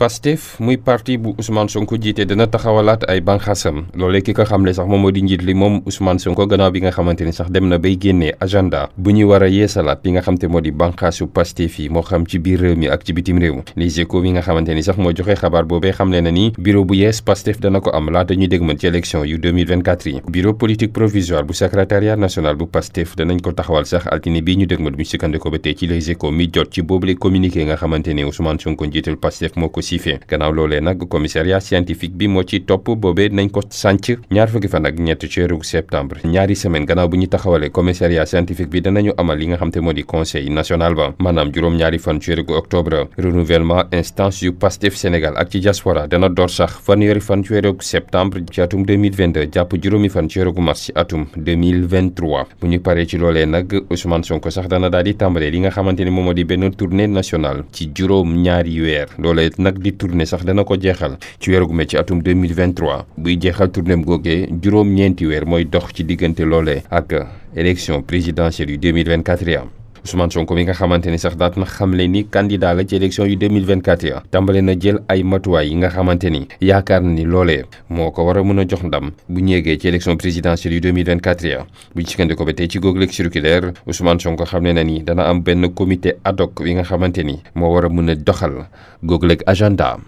Pastef muy parti bu Ousmane Sonko jiite dina taxawalaat ay banxaasam loolee ki ko xamle sax moom moo di njiit li moom Ousmane Sonko gannaaw bi nga xamante ni sax dem na bay génnee agenda bu ñuy war a yeesalaat li nga xam te moo di banxaasu Pastef yi moo xam ci biir réew mi ak ci bitim réew Les Échos yi nga xamante ni sax moo joxe xabaar boobee xamle na ni bureau bu yees Pastef dana ko am laata ñuy dégmal ci élection yu 2024 yi bureau politique provisoire bu secrétariat nga xamante ni Ousmane Sonko njiital Pastef Siffé gannaaw loolee nag commissariat scientifique bi moo ci topp boobee nañ ko sànc ñaar fukki fan ak ñett ci weeru septembre ñaari semaine gannaaw bu ñu taxawalee commissariat scientifique bi danañu amal li nga xam te moo di conseil national ba maanaam juróom-ñaari fan ci weeru octobre renouvellement instance yu Pastef Sénégal ak ci diaspora dana door sax fanweeri fan ci weeru septembre ci atum jàpp juróomi fan ci weeru mars ci atum 2023 bu ñu paree ci loolee nag Ousmane dana daal di tàmbalee li nga xamante ne moom moo di benn tournée nationale ci juróom ñaari weer loolee nag ak di tournée sax dana ko jeexal ci weeru mai ci atum 2023 buy jeexal tournéem googee juróom-ñeenti weer mooy dox ci diggante loole ak élection présidentielle yu 2024 yi am Ousmane Sonko mi nga xamante ni sax daat na xamle ni candidat la ci élection yu 2024 ya tàmbale na jël ay matuwaay yi nga xamante ni yaakaar na ni loolee moo ko war a mën a jox ndam bu ñu yeggee ci élection présidentielle yu 2024 ya bu ñu sikkandikoo ba tey ci góogleeg circulaire Ousmane Sonko xamle na ni dana am benn comité ad hoc yi nga xamante ni moo war a mën a doxal góogleeg agenda